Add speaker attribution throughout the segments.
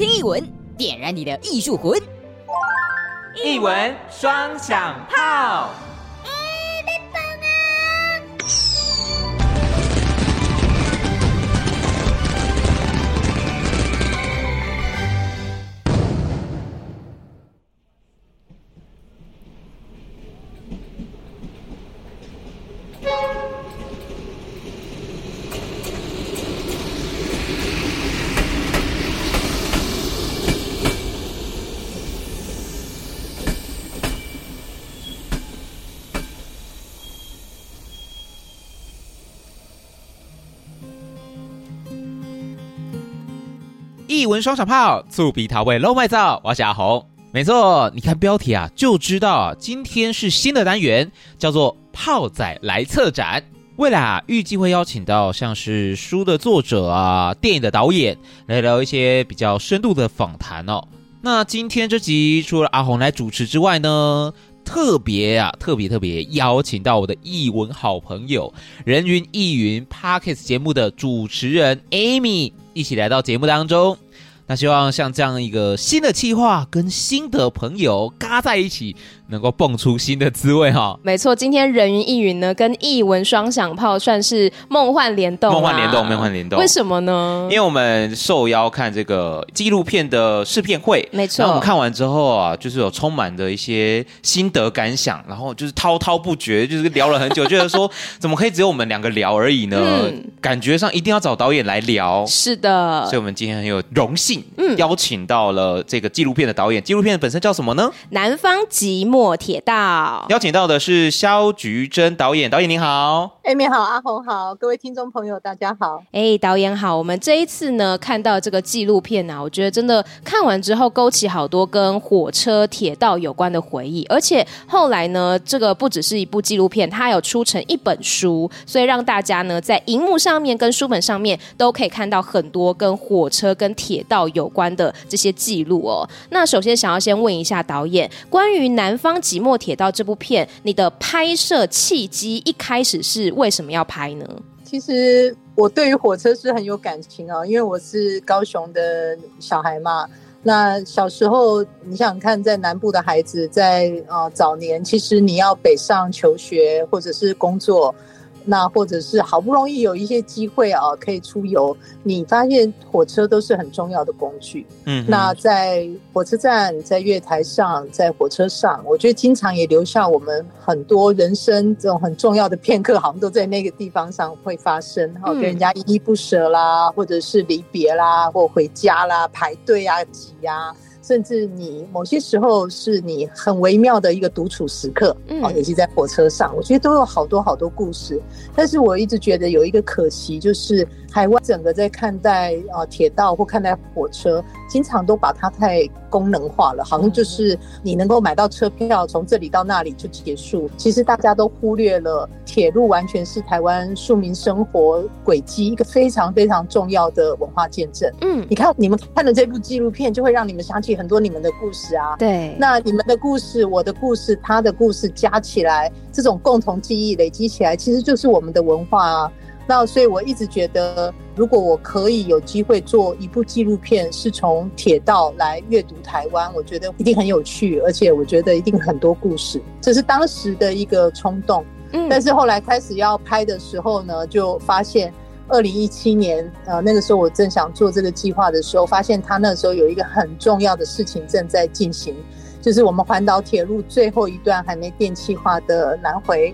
Speaker 1: 聽藝文，點燃你的藝術魂。藝文雙響炮。
Speaker 2: 藝文雙響炮，醋皮桃味肉外造，我是阿紅。沒錯，你看標題啊，就知道、啊、今天是新的單元，叫做“炮仔來策展”。未來啊，預計會邀請到像是書的作者啊、電影的導演來聊一些比較深度的訪談哦。那今天這集除了阿紅來主持之外呢，特別啊，特別特別邀請到我的藝文好朋友，人云亦云 Podcast 節目的主持人 Amy 一起來到節目當中。那希望像這樣一個新的企劃，跟新的朋友嘎在一起，能夠蹦出新的滋味哈、啊，
Speaker 1: 沒錯，今天人云亦云呢，跟藝文雙響炮算是夢幻、啊、夢幻聯動，夢幻聯動，
Speaker 2: 夢幻聯動。為什
Speaker 1: 麼呢？因
Speaker 2: 為我們受邀看這個紀錄片的試片會，沒錯。那我們看完之後啊，就是有充滿的一些心得感想，然後就是滔滔不絕，就是聊了很久， 覺得說怎麼可以只有我們兩個聊而已呢？嗯、感覺上一定要找導演來聊。
Speaker 1: 是的，所以我
Speaker 2: 們今天很有榮幸，嗯，邀請到了這個紀錄片的導演。嗯、紀錄片本身叫什麼呢？
Speaker 1: 南方寂寞。寞鐵道
Speaker 2: 邀請到的是蕭菊貞導演。導演您好。
Speaker 1: 哎，Amy 好，阿紅好，各位聽眾朋友大家好。哎、欸，導演好，我們這一次呢，看到這個紀錄片呢、啊，我覺得真的看完之後勾起好多跟火車、鐵道有關的回憶，而且後來呢，這個不只是一部紀錄片，它有出成一本書，所以讓大家呢在熒幕上面跟書本上面都可以看到很多跟火車跟鐵道有關的這些記錄哦。那首先想要先問一下導演，關於南方。當《寂寞鐵道》到這部片，你的拍攝契機一開始是為什麼要拍呢？
Speaker 3: 其實我對於火車是很有感情啊、哦，因為我是高雄的小孩嘛。那小時候你想看在南部的孩子在，在、呃、啊早年，其實你要北上求學或者是工作。那或者是好不容易有一些機會啊，可以出遊，你發現火車都是很重要的工具。嗯哼，那在火車站、在月台上、在火車上，我覺得經常也留下我們很多人生這種很重要的片刻，好像都在那個地方上會發生，啊，然、嗯、跟人家依依不舍啦，或者是離別啦，或回家啦，排隊啊，擠啊。甚至你某些時候是你很微妙的一個獨處時刻，嗯、哦，尤其在火車上，我覺得都有好多好多故事。但是我一直覺得有一個可惜就是。台灣整個在看待呃鐵道或看待火車，經常都把它太功能化了，好像就是你能夠買到車票，從這裡到那裡就結束。其實大家都忽略了，鐵路完全是台灣庶民生活軌跡，一個非常非常重要的文化見證。嗯，你看你們看了這部紀錄片，就會讓你們想起很多你們的故事啊。對，那你們的故事、我的故事、他的故事加起來，這種共同記憶累積起來，其實就是我們的文化啊。那所以，我一直覺得，如果我可以有機會做一部紀錄片，是從鐵道來閱讀台灣，我覺得一定很有趣，而且我覺得一定很多故事。這是當時的一個衝動。嗯，但是後來開始要拍的時候呢，就發現，二零一七年，呃，那個時候我正想做這個計劃的時候，發現他那時候有一個很重要的事情正在進行，就是我們環島鐵路最後一段還沒電氣化的南迴。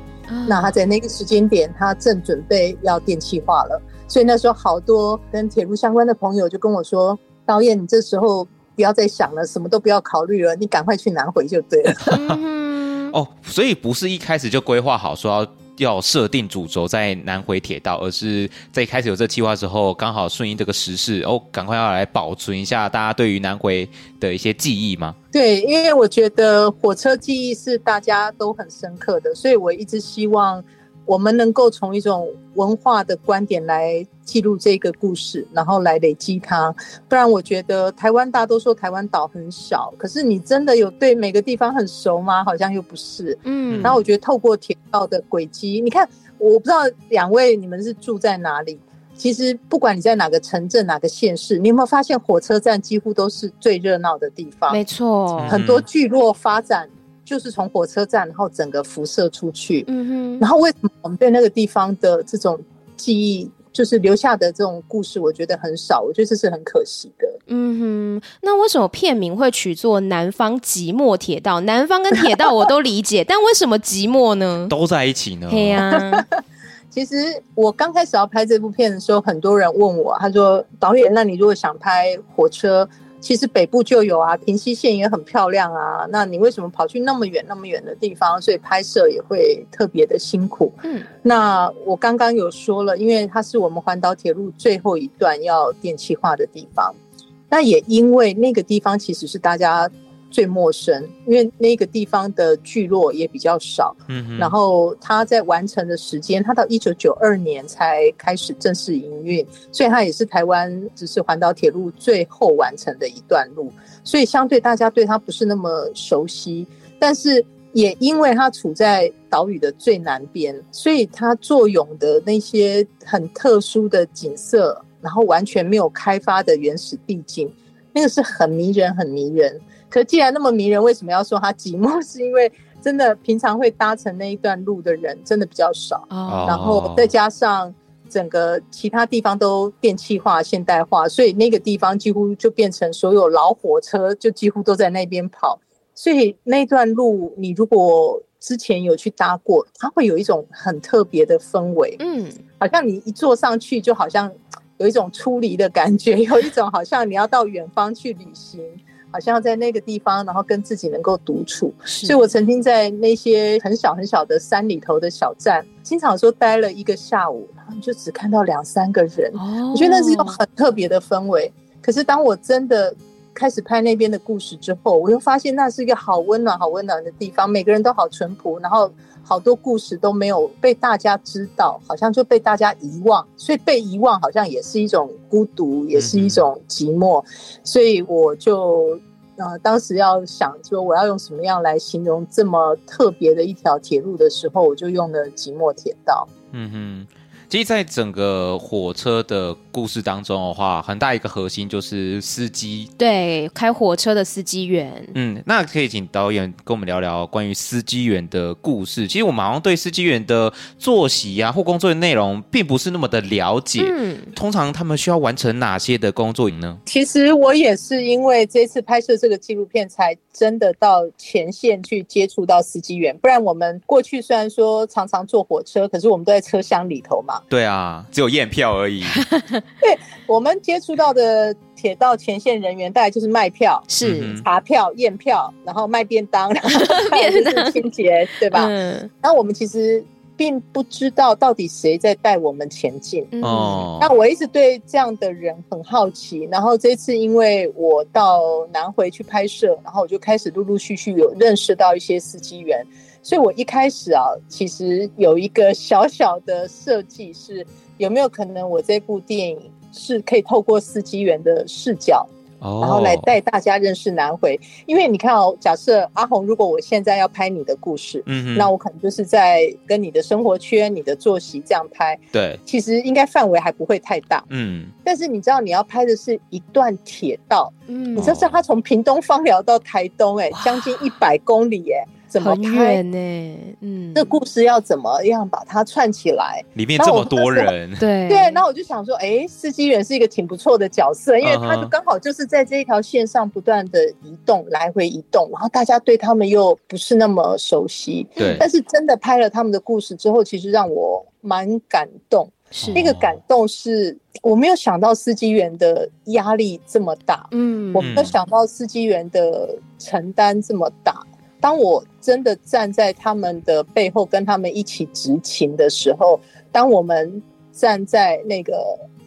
Speaker 3: 那他在那個時間點，他正準備要電氣化了，所以那時候好多跟鐵路相關的朋友就跟我說：“導演，你這時候不要再想了，什麼都不要考慮了，你趕快去南回就對了。”
Speaker 2: 嗯、哼 哦，所以不是一開始就規劃好說要。要設定主軸在南回鐵道，而是在開始有這計劃之後，剛好順應這個時勢哦，趕快要來保存一下大家對於南回的一些記憶嗎？
Speaker 3: 對，因為我覺得火車記憶是大家都很深刻的，所以我一直希望。我們能夠從一種文化的觀點來記錄這個故事，然後來累積它。不然，我覺得台灣大家都說台灣島很小，可是你真的有對每個地方很熟嗎？好像又不是。嗯。然後我覺得透過鐵道的軌跡，你看，我不知道兩位你們是住在哪裡。其實不管你在哪個城鎮、哪個縣市，你有沒有發現火車站幾乎都是最熱鬧的地方？沒錯，嗯，很多聚落發展。就是從火車站，然後整個輻射出去。嗯哼，然後為什麼我們對那個地方的這種記憶，就是留下的這種故事，我覺得很少。我覺得這是很可惜的。
Speaker 1: 嗯哼，那為什麼片名會取作《南方寂寞鐵道》？南方跟鐵道我都理解， 但為什麼寂寞呢？
Speaker 2: 都在一起呢？對呀、
Speaker 1: 啊。 其實我剛開始要拍這部片的時候，很多人問我，他說：“
Speaker 3: 導演，那你如果想拍火車？”其實北部就有啊，平溪線也很漂亮啊。那你為什麼跑去那麼遠那麼遠的地方？所以拍攝也會特別的辛苦。嗯，那我剛剛有說了，因為它是我們環島鐵路最後一段要電氣化的地方，那也因為那個地方其實是大家，最陌生，因為那個地方的聚落也比較少。嗯哼，然後他在完成的時間，他到一九九二年才開始正式營運，所以它也是台灣只是環島鐵路最後完成的一段路。所以相對大家對它不是那麼熟悉，但是也因為它處在島嶼的最南邊，所以它坐擁的那些很特殊的景色，然後完全沒有開發的原始地景，那個是很迷人，很迷人。可，既然那麼迷人，為什麼要說它寂寞？是因為真的平常會搭乘那一段路的人真的比較少。Oh. 然後再加上整個其他地方都電氣化、現代化，所以那個地方幾乎就變成所有老火車就幾乎都在那邊跑。所以那段路，你如果之前有去搭過，它會有一種很特別的氛圍。嗯，mm. 好像你一坐上去，就好像有一種出離的感覺，有一種好像你要到遠方去旅行。好像在那個地方，然後跟自己能夠獨處，是所以我曾經在那些很小很小的山裡頭的小站，經常說待了一個下午，然後就只看到兩三個人。哦，我覺得那是一個很特別的氛圍。可是當我真的開始拍那邊的故事之後，我又發現那是一個好溫暖、好溫暖的地方，每個人都好淳樸，然後。好多故事都沒有被大家知道，好像就被大家遺忘，所以被遺忘好像也是一種孤獨，嗯哼。也是一種寂寞。所以我就，呃，當時要想說我要用什麼樣來形容這麼特別的一條鐵路的時候，我就用了“寂寞
Speaker 1: 鐵道”。嗯
Speaker 2: 哼。所以在整個火車的故事當中的話，很大一個核心就是司機。
Speaker 1: 對，開火車的司機員。
Speaker 2: 嗯，那可以請導演跟我們聊聊關於司機員的故事。其實我們好像對司機員的作息啊或工作的內容，並不是那麼的了解。嗯，通常他們需要完成哪些的工作營呢？
Speaker 3: 其實我也是因為這次拍攝這個紀錄片，才真的到前線去接觸到司機員。不然我們過去雖然說常常坐火車，可是我們都在車廂裡頭嘛。
Speaker 2: 對啊，只有驗票而已。
Speaker 3: 對，我們接觸到的鐵道前線人員，大概就是賣票、是查、嗯、哼票、驗票，然後賣便當，然後清潔，便當對吧？那、嗯、我們其實並不知道到底誰在帶我們前進。嗯，那、嗯、我一直對這樣的人很好奇。然後這次因為我到南回去拍攝，然後我就開始陸陸續續有認識到一些司機員。所以，我一開始啊，其實有一個小小的設計是，有沒有可能我這部電影是可以透過司機員的視角，oh. 然後來帶大家認識南迴？因為你看哦，假設阿紅，如果我現在要拍你的故事，嗯、mm，hmm. 那我可能就是在跟你的生活圈、你的作息這樣拍，對，其實應該範圍還不會太大，嗯、mm。Hmm. 但是你知道，你要拍的是一段鐵道，嗯、mm，hmm. 你知道他從屏東枋寮到台東、欸，哎，將近一百公里、欸，哎。怎麼拍呢、欸，嗯，這故事要怎麼樣把它串起來？裡面這麼多人，對對，那我就想說，哎，司機員是一個挺不錯的角色，因為他就剛好就是在這一條線上不斷的移動，啊、哈來回移動，然後大家對他們又不是那麼熟悉，對。但是真的拍了他們的故事之後，其實讓我蠻感動。是那個感動是我沒有想到司機員的壓力這麼大，嗯，我沒有想到司機員的承擔這麼大。嗯嗯當我真的站在他們的背後，跟他們一起執勤的時候，當我們站在那個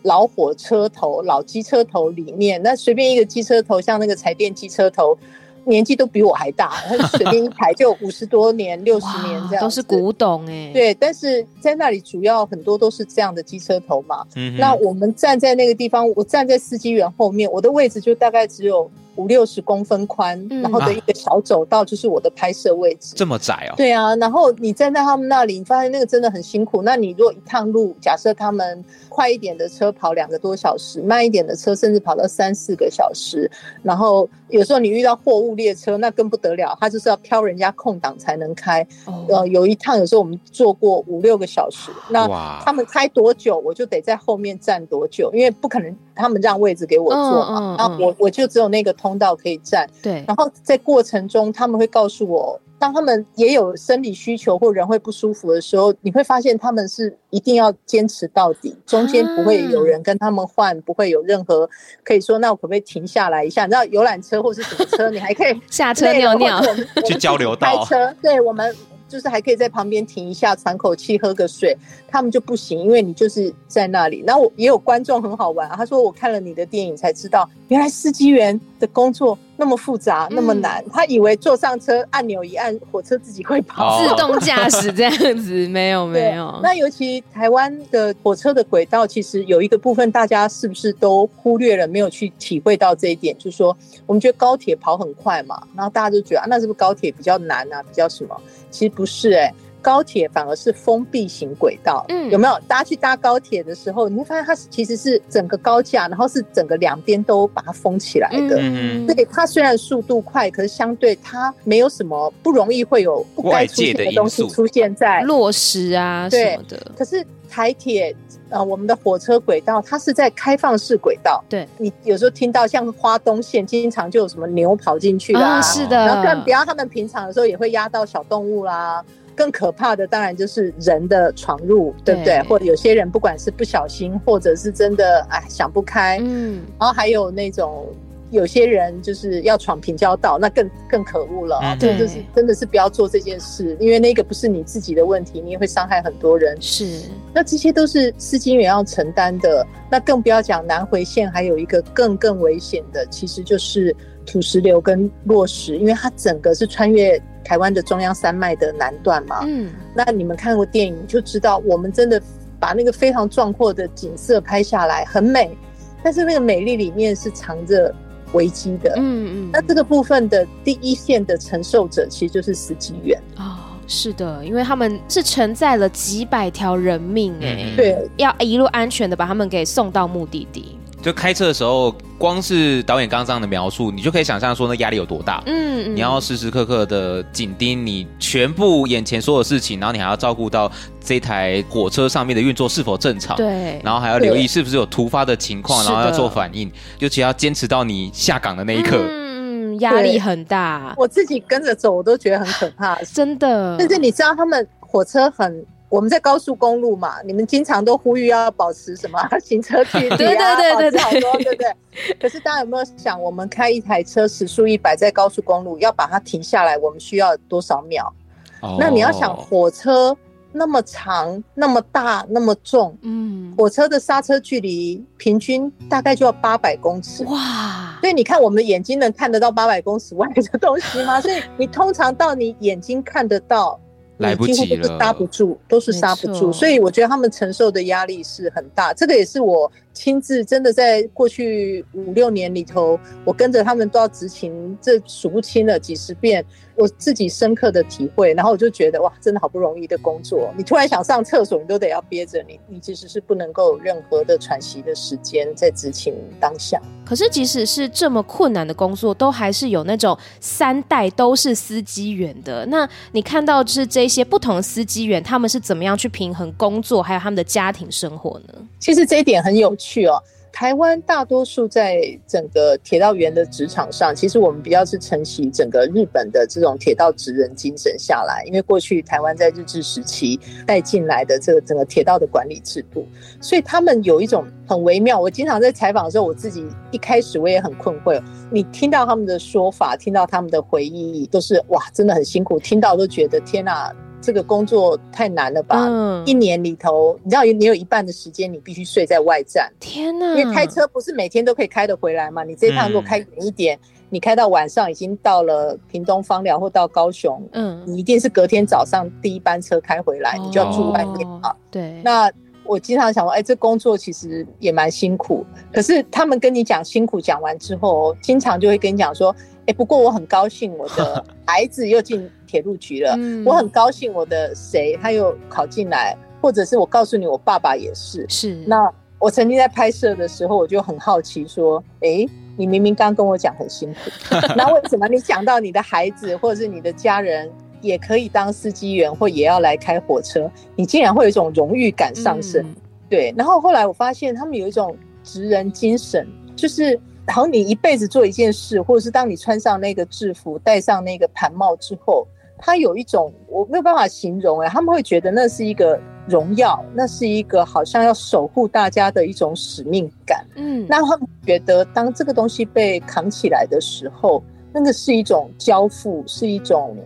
Speaker 3: 老火車頭、老機車頭裡面，那隨便一個機車頭，像那個柴電機車頭，年紀都比我還大。 它就隨便一台就五十多年、六十 年這樣，都是古董哎、欸。對，但是在那裡主要很多都是這樣的機車頭嘛。嗯、哼那我們站在那個地方，我站在司機員後面，我的位置就大概只有。五六十公分寬，然後的一個小走道就是我的拍攝位置、嗯
Speaker 2: 啊。這麼窄哦？對
Speaker 3: 啊。然後你站在他們那裡，你發現那個真的很辛苦。那你如果一趟路，假設他們快一點的車跑兩個多小時，慢一點的車甚至跑到三四個小時。然後有時候你遇到貨物列車，那更不得了，他就是要挑人家空檔才能開。哦、呃，有一趟有時候我們坐過五六個小時。那他們開多久，哇我就得在後面站多久，因為不可能他們讓位置給我坐嘛。嗯嗯嗯、那我我就只有那個通。通道可以站，對。然後在過程中，他們會告訴我，當他們也有生理需求或人會不舒服的時候，你會發現他們是一定要堅持到底，中間不會有人跟他們換，不會有任何、嗯、可以說，那我可不可以停下來一下？你知道遊覽車或是什麼車， 你還可以下車尿尿，我們我們去交流道。開車， 對我們。就是還可以在旁邊停一下，喘口氣，喝個水，他們就不行，因為你就是在那裡。那我也有觀眾很好玩，啊，他說我看了你的電影才知道，原來司機員的工作，那麼複雜，那麼難，嗯、他以為坐上車按鈕一按，火車自己會跑，好 自動駕駛這樣
Speaker 1: 子，沒有沒有。
Speaker 3: 那尤其台灣的火車的軌道，其實有一個部分，大家是不是都忽略了，沒有去體會到這一點？就是說，我們覺得高鐵跑很快嘛，然後大家都覺得啊，那是不是高鐵比較難啊，比較什麼？其實不是哎、欸。高鐵反而是封閉型軌道，嗯，有沒有？大家去搭高鐵的時候，你會發現它是其實是整個高架，然後是整個兩邊都把它封起來的。嗯，對，它雖然速度快，可是相對它沒有什麼不容易會有不該出現的東西出現在落石啊對什麼的。可是台鐵啊、呃，我們的火車軌道它是在開放式軌道。對，你有時候聽到像花東線經常就有什麼牛跑進去啦、啊哦，是的，然後更不要他們平常的時候也會壓到小動物啦、啊。更可怕的當然就是人的闖入，對不對？對。或者有些人不管是不小心，或者是真的哎想不開，嗯，然後還有那種有些人就是要闖平交道，那更更可惡了。這、嗯、就是真的是不要做這件事，因為那個不是你自己的問題，你也會傷害很多人。是，那這些都是司機員要承擔的。那更不要講南回線還有一個更更危險的，其實就是土石流跟落石，因為它整個是穿越台灣的中央山脈的南段嘛，嗯，那你們看過電影就知道，我們真的把那個非常壯闊的景色拍下來，很美，但是那個美麗裡面是藏着危機的，嗯嗯，嗯那這個部分的第一線的
Speaker 1: 承受者其實就是司機員哦。是的，因為他們是承載了幾百條人命，哎、嗯，對，要一路安全的把他們給送到目的地。
Speaker 2: 就開車的時候，光是導演剛剛這樣的描述，你就可以想象說那壓力有多大。嗯，嗯，你要時時刻刻的緊盯你全部眼前所有事情，然後你還要照顧到這台火車上面的運作是否正常。對，然後還要留意是不是有突發的情況，對然後要做反應，的尤其要堅持到你下崗的那一刻。嗯，
Speaker 1: 壓力很大。我自己
Speaker 3: 跟着走，我都覺得很可怕， 真的。但是你知道，他們火車很。我們在高速公路嘛，你們經常都呼籲要保持什麼行車距離，啊、 對對，對，保持好多，對不對？ 可是大家有沒有想，我們開一台車時速一百在高速公路，要把它停下來，我們需要多少秒？Oh. 那你要想，火車那麼長、那麼大、那麼重，嗯，火車的剎車距離平均大概就要八百公尺。哇、嗯！所以你看，我們的眼睛能看得到八百公尺外的東西嗎？ 所以你通常到你眼睛看得到來，幾乎都是剎不住，都是剎不住，錯所以我覺得他們承受的壓力是很大，這個也是我親自真的在過去五六年裡頭，我跟着他們都要執勤，這數不清的幾十遍，我自己深刻的體會。然後我就覺得哇，真的好不容易的工作，你突然想上廁所，你都得要憋着你，你你其實是不能夠有任何的喘息的時間在執勤當
Speaker 1: 下。可是即使是這麼困難的工作，都還是有那種三代都是司機員的。那你看到就是這些不同司機員，他們是怎麼樣去平衡工作還有他們的家庭生活呢？
Speaker 3: 其實這一點很有趣。去哦，台灣大多數在整個鐵道員的職場上，其實我們比較是承襲整個日本的這種鐵道職人精神下來，因為過去台灣在日治時期帶進來的這個整個鐵道的管理制度，所以他們有一種很微妙。我經常在採訪的時候，我自己一開始我也很困惑。你聽到他們的說法，聽到他們的回憶，都是哇，真的很辛苦，聽到都覺得天哪、啊。這個工作太難了吧？嗯，一年裡頭，你知道你有一半的時間你必須睡在外站。天哪！因為開車不是每天都可以開得回來嘛？你這趟如果開遠一點，嗯、你開到晚上已經到了屏東枋寮或到高雄，嗯，你一定是隔天早上第一班車開回來，哦、你就要住外面啊。對。那我經常想說，哎，這工作其實也蠻辛苦。可是他們跟你講辛苦講完之後，經常就會跟你講說。哎，不過我很高興，我的孩子又進鐵路局了。 嗯、我很高興，我的誰他又考進來，或者是我告訴你，我爸爸也是。是。那我曾經在拍攝的時候，我就很好奇，說，哎，你明明剛跟我講很辛苦， 那為什麼你講到你的孩子或者是你的家人也可以當司機員，或也要來開火車，你竟然會有一種榮譽感上升？嗯、對。然後後來我發現，他們有一種職人精神，就是。然後你一輩子做一件事，或者是當你穿上那個制服、戴上那個盤帽之後，他有一種我沒有辦法形容哎、欸，他們會覺得那是一個榮耀，那是一個好像要守護大家的一種使命感。嗯，那他們覺得當這個東西被扛起來的時候，那個是一種交付，是一種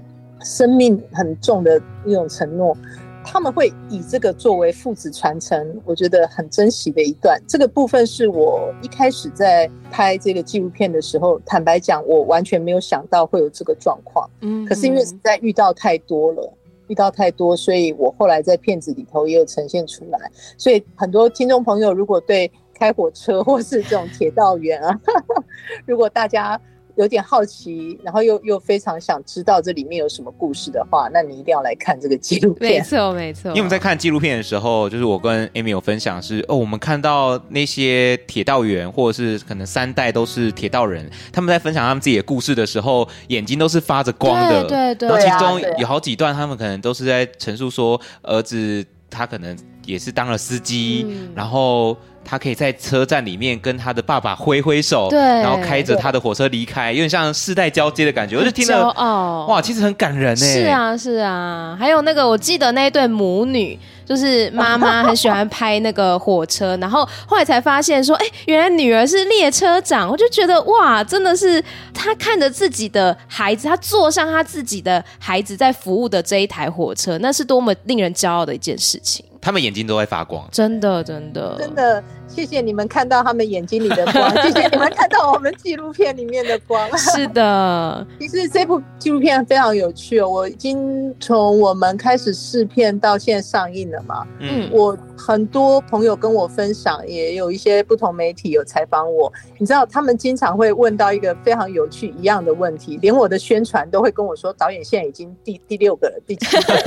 Speaker 3: 生命很重的一種承諾。他們會以這個作為父子傳承，我覺得很珍惜的一段。這個部分是我一開始在拍這個紀錄片的時候，坦白講，我完全沒有想到會有這個狀況。嗯，可是因為實在遇到太多了，遇到太多，所以我後來在片子裡頭也有呈現出來。所以很多聽眾朋友，如果對開火車或是這種鐵道員啊， 如果大家。有點好奇，然後又又非常想知道這裡面有什麼故事的話，那你一定要來看這個紀錄片。沒
Speaker 1: 錯，沒錯。因為我們
Speaker 2: 在看紀錄片的時候，就是我跟 Amy 有分享是，是哦，我們看到那些鐵道員，或者是可能三代都是鐵道人，他們在分享他們自己的故事的時候，眼睛都是發着光的。對對。對對，然後其中有好幾段，他們可能都是在陳述說，兒子他可能也是當了司機，嗯，然後。他可以在車站裡面跟他的爸爸揮揮手，對然後開着他的火車離開，對有點像世代交接的感覺。我就聽了，哇，其實很感人哎。是啊，
Speaker 1: 是啊，還有那個，我記得那一對母女。就是媽媽很喜歡拍那個火車，然後後來才發現說，哎、欸，原來女兒是列車長，我就覺得哇，真的是她看着自己的孩子，她坐上她自己的孩子在服務的這一台火車，那是多麼令人驕傲的一件事情。
Speaker 2: 他們眼睛都在發光，
Speaker 1: 真的，真的，真的。
Speaker 3: 謝謝你們看到他們眼睛裡的光， 謝謝你們看到我們紀錄片裡面的光。是的，其實這部紀錄片非常有趣哦。我已經從我們開始試片到現在上映了嘛。嗯，我很多朋友跟我分享，也有一些不同媒體有採訪我。你知道，他們經常會問到一個非常有趣一樣的問題，連我的宣傳都會跟我說，導演現在已經第第六個了，第七個了。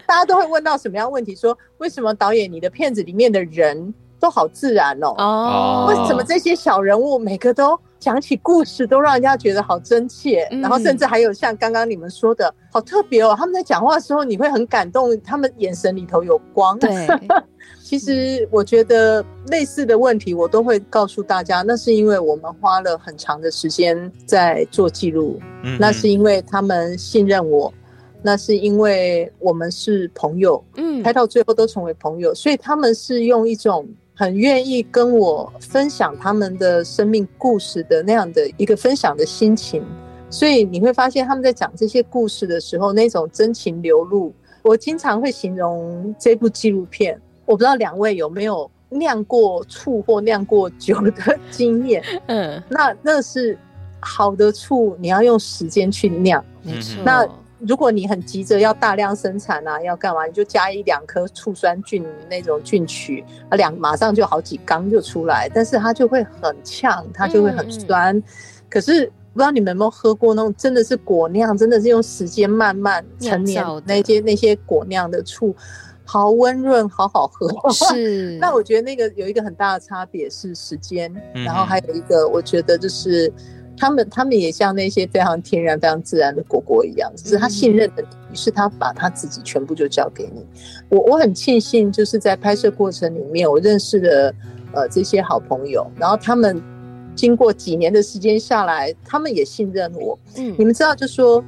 Speaker 3: 大家都會問到什麼樣的問題？說為什麼導演你的片子裡面的人，都好自然哦！哦，oh, 為什麼這些小人物每個都講起故事，都讓人家覺得好真切？嗯、然後甚至還有像剛剛你們說的，好特別哦！他們在講話的時候，你會很感動，他們眼神裡頭有光。對， 其實我覺得類似的問題，我都會告訴大家，那是因為我們花了很長的時間在做記錄，嗯嗯，那是因為他們信任我，那是因為我們是朋友，嗯，拍到最後都成為朋友，所以他們是用一種。很願意跟我分享他們的生命故事的那樣的一個分享的心情，所以你會發現他們在講這些故事的時候那種真情流露。我經常會形容這部紀錄片，我不知道兩位有沒有釀過醋或釀過酒的經驗。嗯，那那是好的醋，你要用時間去釀，沒錯。那如果你很急着要大量生產啊，要幹嘛，你就加一兩顆醋酸菌那種菌麴啊，兩馬上就好幾缸就出來，但是它就會很嗆，它就會很酸。嗯、可是不知道你們有沒有喝過那種真的是果釀，真的是用時間慢慢陳年那些那些果釀的醋，好溫潤，好好喝。是。 那我覺得那個有一個很大的差別是時間，嗯、然後還有一個我覺得就是。他們他們也像那些非常天然、非常自然的果果一樣，是他信任的你，是他把他自己全部就交給你。我我很慶幸，就是在拍攝過程裡面，我認識了呃這些好朋友，然後他們經過幾年的時間下來，他們也信任我。嗯，你們知道就是，就說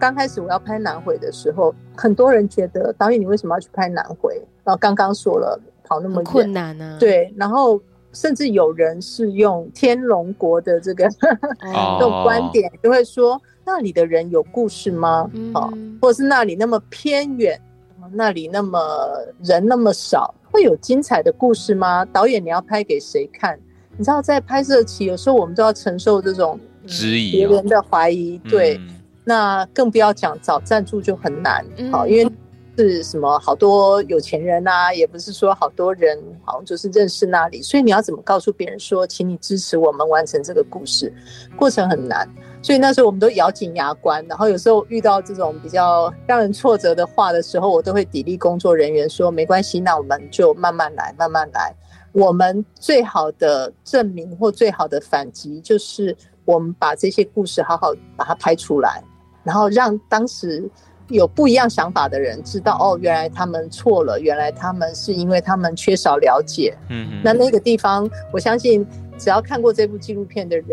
Speaker 3: 剛開始我要拍南迴的時候，很多人覺得導演你為什麼要去拍南迴？然後剛剛說了跑那麼遠，很困難呢、啊？對，然後。甚至有人是用天龍國的這個 這種觀點，就會說，那裡的人有故事嗎？Oh. 好，或者是那裡那麼偏遠，那裡那麼人那麼少，會有精彩的故事嗎？導演你要拍給誰看？你知道在拍攝期，有時候我們都要承受這種質疑、別人的懷疑、哦。對，嗯、那更不要講找贊助就很難。嗯、好，因為。是什麼？好多有錢人啊，也不是說好多人，好像就是認識那裡。所以你要怎麼告訴別人說，請你支持我們完成這個故事，過程很難。所以那時候我們都咬緊牙關，然後有時候遇到這種比較讓人挫折的話的時候，我都會砥礪工作人員說：“沒關係，那我們就慢慢來，慢慢來。”我們最好的證明或最好的反擊，就是我們把這些故事好好把它拍出來，然後讓當時。有不一樣想法的人知道哦，原來他們錯了，原來他們是因為他們缺少了解。嗯，嗯，那那個地方，我相信只要看過這部紀錄片的人。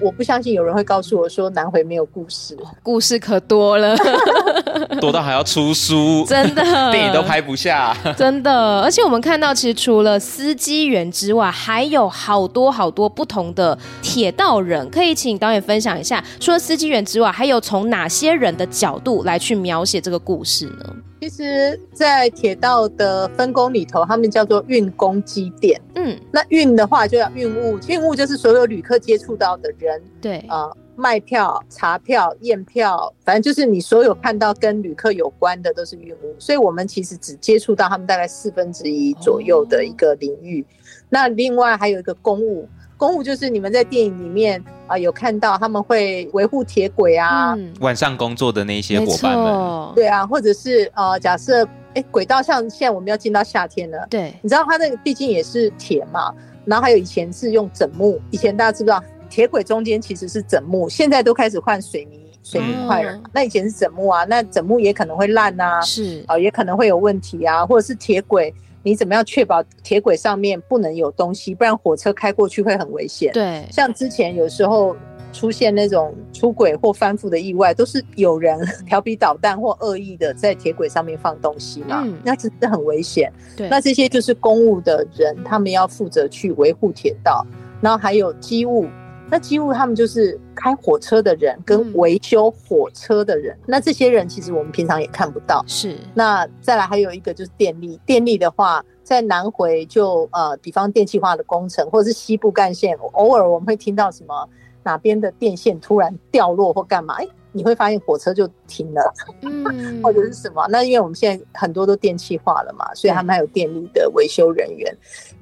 Speaker 3: 我不相信有人會告訴我說南迴沒有故事，故事可多
Speaker 1: 了，
Speaker 2: 多到還要出書， 真的， 電影都拍不下，
Speaker 1: 真的。而且我們看到，其實除了司機員之外，還有好多好多不同的鐵道人，可以請導演分享一下，除了司機員之外，還有從哪些人的角度來去描寫這個故事呢？
Speaker 3: 其實，在鐵道的分工裡頭，他們叫做運工機電。嗯，那運的話就要運務，運務就是所有旅客接觸到的人，對啊、呃，賣票、查票、驗票，反正就是你所有看到跟旅客有關的都是運務。所以我們其實只接觸到他們大概四分之一左右的一個領域。哦、那另外還有一個公務。公務就是你們在電影裡面啊、呃，有看到他們會維護鐵軌啊，嗯、
Speaker 2: 晚上工作的那一
Speaker 3: 些夥伴們，沒錯。對啊，或者是呃，假設誒，軌道像現在我們要進到夏天了，對，你知道它那個畢竟也是鐵嘛，然後還有以前是用枕木，以前大家知不知道？鐵軌中間其實是枕木，現在都開始換水泥水泥塊了。嗯、那以前是枕木啊，那枕木也可能會爛啊，是啊、呃，也可能會有問題啊，或者是鐵軌。你怎麼樣確保鐵軌上面不能有東西，不然火車開過去會很危險。對，像之前有時候出現那種出軌或翻覆的意外，都是有人調皮搗蛋或惡意的在鐵軌上面放東西嘛，嗯、那真的很危險。對，那這些就是工務的人，他們要負責去維護鐵道，然後還有機務。那機務他們就是開火車的人跟維修火車的人，那這些人其實我們平常也看不到。是，那再來還有一個就是電力，電力的話，在南迴就呃，比方電氣化的工程，或者是西部幹線，偶爾我們會聽到什麼哪邊的電線突然掉落或幹嘛，欸你會發現火車就停了，嗯，或者是什麼？那因為我們現在很多都電氣化了嘛，所以他們還有電力的維修人員，嗯、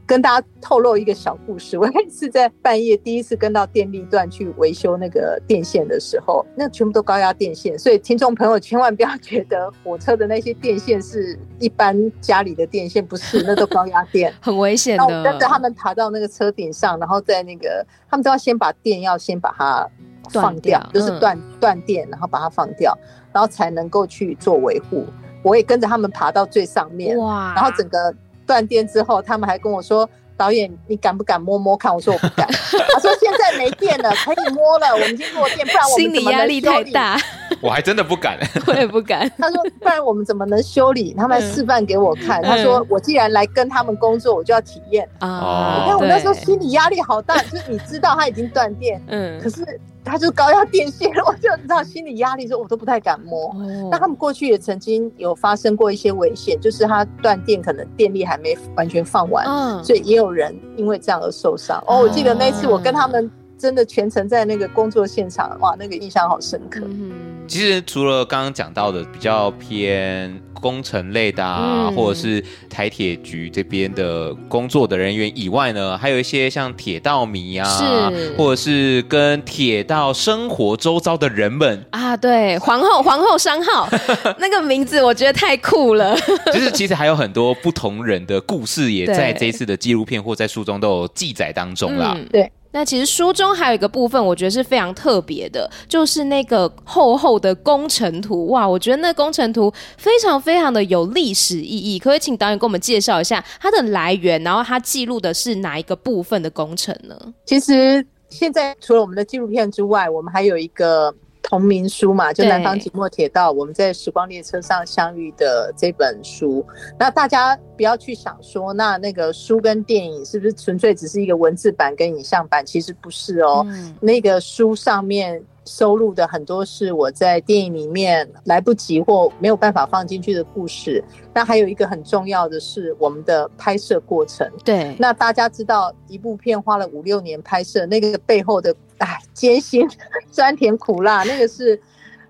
Speaker 3: 跟大家透露一個小故事。我也是在半夜第一次跟到電力段去維修那個電線的時候，那全部都高壓電線，所以聽眾朋友千萬不要覺得火車的那些電線是一般家裡的電線，不是，那都高壓電， 很危險險的那我，跟着他們爬到那個車頂上，然後在那個他們都要先把電要先把它。放掉，嗯，就是斷斷電，然後把它放掉，然後才能夠去做維護。我也跟着他們爬到最上面，哇！然後整個斷電之後，他們還跟我說：“導演，你敢不敢摸摸看？”我說：“我不敢。” 他說：“現在沒電了， 可以摸了，我們已經落電，不然我們怎心理壓力太大。
Speaker 2: 我還真的不敢，
Speaker 3: 我也不敢。他說，不然我們怎麼能修理？他們示範給我看。他說我既然來跟他們工作，我就要體驗啊。你看我那時候心理壓力好大，就是你知道他已經斷電，嗯，可是它就高壓電線，我就知道心理壓力，說我都不太敢摸。那他們過去也曾經有發生過一些危險，就是他斷電，可能電力還沒完全放完，所以也有人因為這樣而受傷。哦，我記得那次我跟他們真的全程在那個工作現場，哇，那個印象好深刻。嗯。
Speaker 2: 其實除了剛剛講到的比較偏工程類的、啊，嗯、或者是台鐵局這邊的工作的人員以外呢，還有一些像鐵道迷啊，是或者是跟鐵道生活周遭的人們
Speaker 1: 啊，對，皇后皇后商號 那個名字，我覺得太酷了。就 是其，
Speaker 2: 其實還有很多不同人的故事，也在這一次的紀錄片或在書中都有記載當中啦、嗯、對。
Speaker 1: 那其實書中還有一個部分，我覺得是非常特別的，就是那個厚厚的工程圖哇！我覺得那個工程圖非常非常的有歷史意義，可以請導演給我們介紹一下它的來源，然後它記錄的是哪一個部分的工程呢？其實
Speaker 3: 現在除了我們的紀錄片之外，我們還有一個。同名書嘛，就南方寂寞鐵道，對我們在時光列車上相遇的這本書。那大家不要去想說，那那個書跟電影是不是純粹只是一個文字版跟影像版？其實不是哦，嗯、那個書上面收錄的很多是我在電影裡面來不及或沒有辦法放進去的故事。那還有一個很重要的是我們的拍攝過程。對，那大家知道一部片花了五六年拍攝，那個背後的。唉，哎，艱辛，酸甜苦辣，那個是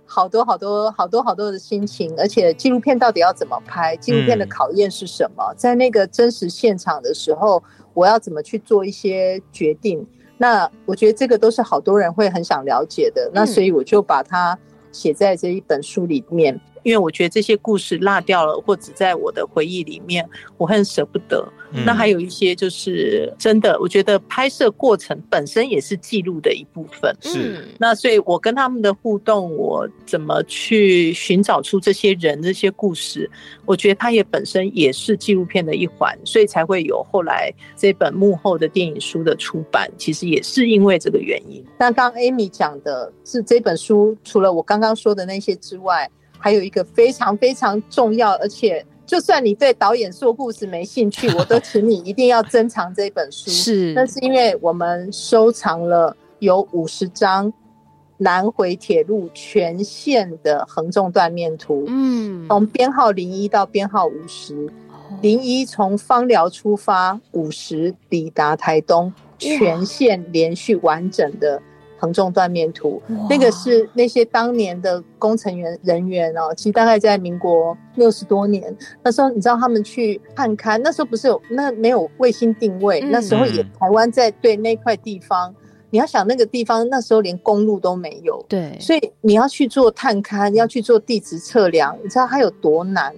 Speaker 3: 好多好多好多好多的心情。而且紀錄片到底要怎麼拍？紀錄片的考驗是什麼？嗯，在那個真實現場的時候，我要怎麼去做一些決定？那我覺得這個都是好多人會很想了解的。那所以我就把它寫在這一本書裡面。因為我覺得這些故事落掉了，或者在我的回憶裡面，我很捨不得。嗯，那還有一些就是真的，我覺得拍攝過程本身也是記錄的一部分。是。那所以我跟他們的互動，我怎麼去尋找出這些人這些故事，我覺得它也本身也是紀錄片的一環，所以才會有後來這本幕後的電影書的出版，其實也是因為這個原因。那剛 Amy 講的是這本書，除了我剛剛說的那些之外。還有一個非常非常重要，而且就算你對導演說故事沒興趣，我都請你一定要珍藏這本書。 是，那是因為我們收藏了有五十張南回鐵路全線的橫縱斷面圖，嗯，從編號零一到編號五十，哦，零一從枋寮出發，五十抵達台東，全線連續完整的，嗯。橫縱斷面圖，哇那個是那些當年的工程員人員哦、喔，其實大概在民國六十多年，那時候你知道他們去探勘，那時候不是有那沒有衛星定位，嗯、那時候也台灣在對那塊地方，你要想那個地方那時候連公路都沒有，對，所以你要去做探勘，你要去做地質測量，你知道它有多難，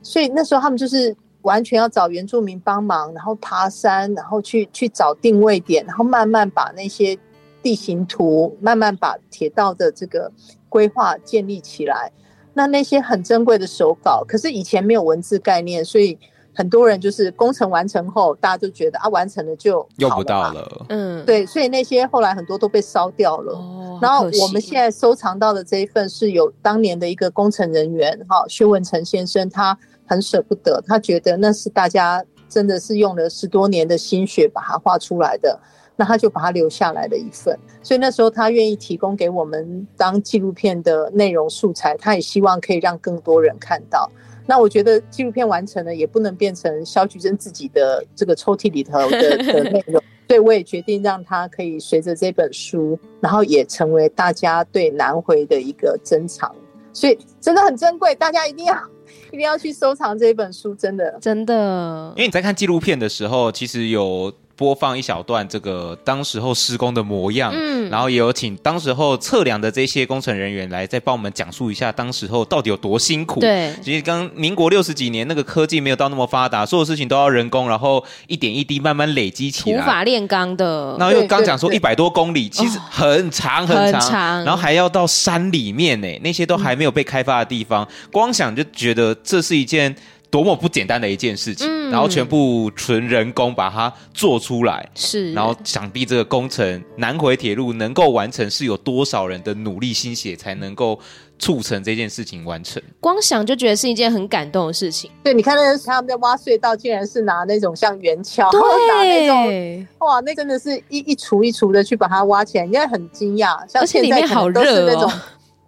Speaker 3: 所以那時候他們就是完全要找原住民幫忙，然後爬山，然後去去找定位點，然後慢慢把那些。地形圖慢慢把鐵道的這個規劃建立起來，那那些很珍貴的手稿，可是以前沒有文字概念，所以很多人就是工程完成後，大家都覺得啊，完成了就
Speaker 2: 用不到了。
Speaker 3: 嗯，對，所以那些後來很多都被燒掉了。哦，然後我們現在收藏到的這一份是有當年的一個工程人員哈，薛文成先生，他很捨不得，他覺得那是大家真的是用了十多年的心血把它畫出來的。那他就把他留下來的一份，所以那時候他願意提供給我們當紀錄片的內容素材，他也希望可以讓更多人看到。那我覺得紀錄片完成了，也不能變成蕭菊貞自己的這個抽屜裡頭的內容， 所以我也決定讓他可以隨着這本書，然後也成為大家對南迴的一個珍藏。所以真的很珍貴，大家一定要一定要去收藏這一本書，真的真的。因為你在
Speaker 2: 看紀錄片的時候，其實有。播放一小段這個當時候施工的模樣，嗯，然後也有請當時候測量的這些工程人員來再幫我們講述一下當時候到底有多辛苦。對，其實剛民國六十幾年那個科技沒有到那麼發達，所有事情都要人工，然後一點一滴慢慢累積起來。土法
Speaker 1: 煉鋼的，然後又剛，剛講說一
Speaker 2: 百多公里，對對對，其實很長很長，哦、很長然後還要到山裡面呢，那些都還沒有被開發的地方，嗯、光想就覺得這是一件。多麼不簡單的一件事情，嗯、然後全部純人工把它做出來，是。然後想必這個工程南回鐵路能夠完成，是有多少人的努力心血才能夠促成這件事情
Speaker 1: 完成。光想就覺得是一件很感動的事情。對，你看那他們在挖隧道，竟然是拿那種像圓鍬，對拿那
Speaker 3: 種，哇，那真的是一一鋤一鋤的去把它挖起來，應該很驚訝。在而且裡面好熱哦。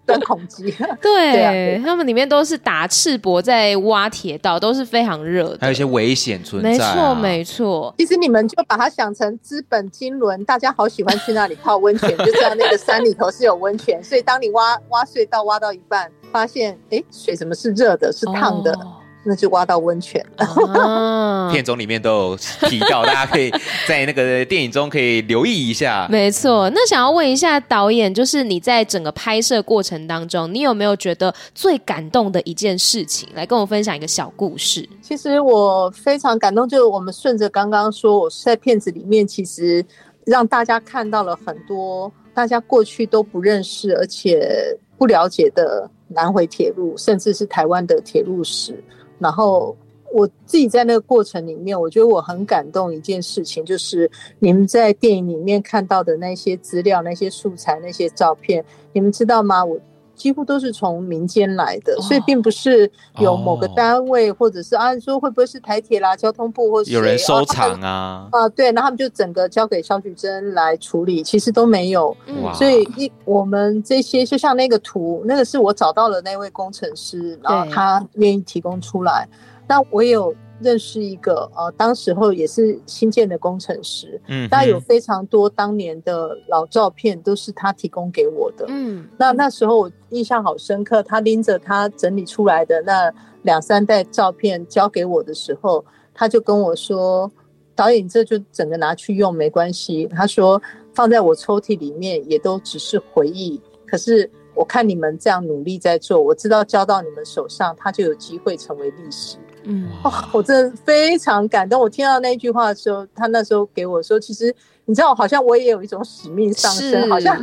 Speaker 3: 鑽孔機，對、啊，
Speaker 1: 他們裡面都是打赤膊在挖鐵道，都是非常熱的，還
Speaker 2: 有一些危險存在、
Speaker 1: 啊。沒錯，沒錯。其實你們就
Speaker 3: 把它想成知本金崙，大家好喜歡去那裡泡溫泉， 就知道那個山裡頭是有溫泉， 所以當你挖挖隧道挖到一半，發現哎，水怎麼是熱的，是燙的。哦那就挖到溫泉了。
Speaker 4: 啊。 片
Speaker 2: 中裡面都有提到， 大家可以在那個電影中可以留意一下。
Speaker 1: 沒錯，那想要問一下導演，就是你在整個拍攝過程當中，你有沒有覺得最感動的一件事情？來跟我分享一個小故事。其實我
Speaker 3: 非常感動，就是我們順着剛剛說，我是在片子裡面其實讓大家看到了很多大家過去都不認識而且不了解的南回鐵路，甚至是台灣的鐵路史。然後我自己在那個過程裡面，我覺得我很感動一件事情，就是你們在電影裡面看到的那些資料、那些素材、那些照片，你們知道嗎？我。幾乎都是從民間來的，所以並不是有某個單位，哦、或者是啊，說會不會是台鐵啦、交通部或、或是有人收
Speaker 2: 藏啊？
Speaker 3: 啊、啊，對，那他們就整個交給蕭菊貞來處理，其實都沒有。嗯，所以一我們這些就像那個圖，那個是我找到了那位工程師，然後他願意提供出來。那對我有。認識一個呃，當時候也是新建的工程師，嗯，大家、嗯、有非常多當年的老照片，都是他提供給我的，嗯，那那時候我印象好深刻，他拎着他整理出來的那兩三袋照片交給我的時候，他就跟我說，導演，你這就整個拿去用沒關係，他說放在我抽屜裡面也都只是回憶，可是我看你們這樣努力在做，我知道交到你們手上，他就有機會成為歷史。嗯，Wow. oh, 我真的非常感動。我聽到那一句話的時候，他那時候給我說：“其實你知道，好像我也有一種使命上升，是好像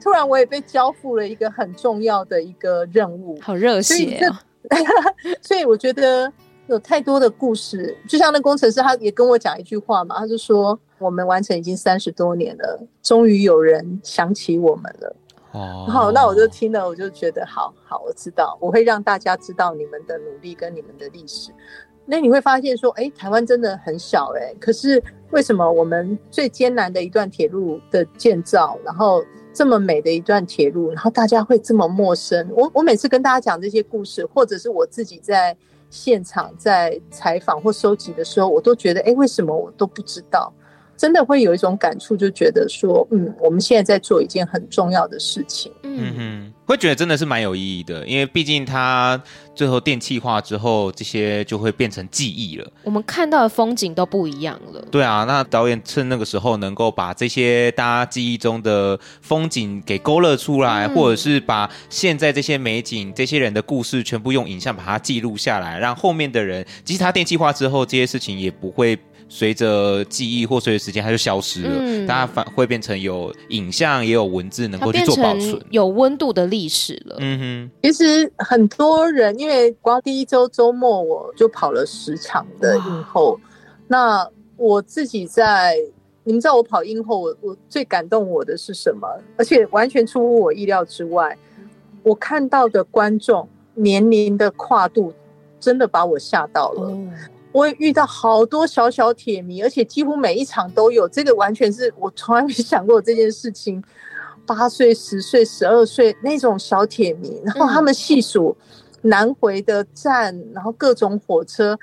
Speaker 3: 突然我也被交付了一個很重要的一個任務。好啊”好熱血！ 所以我覺得有太多的故事，就像那工程師，他也跟我講一句話嘛，他就說：“我們完成已經三十多年了，終於有人想起我們了。”哦，好，那我就聽了，我就覺得好好，我知道，我會讓大家知道你們的努力跟你們的歷史。那你會發現說，欸，台灣真的很小欸。可是為什麼我們最艱難的一段鐵路的建造，然後這麼美的一段鐵路，然後大家會這麼陌生？我我每次跟大家講這些故事，或者是我自己在現場在採訪或收集的時候，我都覺得，欸，為什麼我都不知道？真的會有一種感觸，就覺得說，嗯，我們現在在做一件很重要的事情。嗯
Speaker 2: 哼，會覺得真的是蠻有意義的，因為畢竟它最後電氣化之後，這些就會變成記憶了。
Speaker 1: 我們看到的風景都不一樣了。
Speaker 2: 對啊，那導演趁那個時候，能夠把這些大家記憶中的風景給勾勒出來，嗯、或者是把現在這些美景、這些人的故事，全部用影像把它記錄下來，讓後面的人，即使他電氣化之後，這些事情也不會。隨着記憶或隨着時間，它就消失了。大家、嗯、反會變成有影像，也有文字，能夠去做保存，
Speaker 1: 有溫度的歷史了。嗯哼，其實很
Speaker 3: 多人，因為光第一周周末我就跑了十場的映後，哇那我自己在，你們知道我跑映後我，我我最感動我的是什麼？而且完全出乎我意料之外，我看到的觀眾年齡的跨度，真的把我嚇到了。嗯我也遇到好多小小鐵迷，而且幾乎每一場都有，這個完全是我從來沒想過這件事情，八歲、十歲、十二歲那種小鐵迷，然後他們細數南迴的站，然後各種火車，嗯、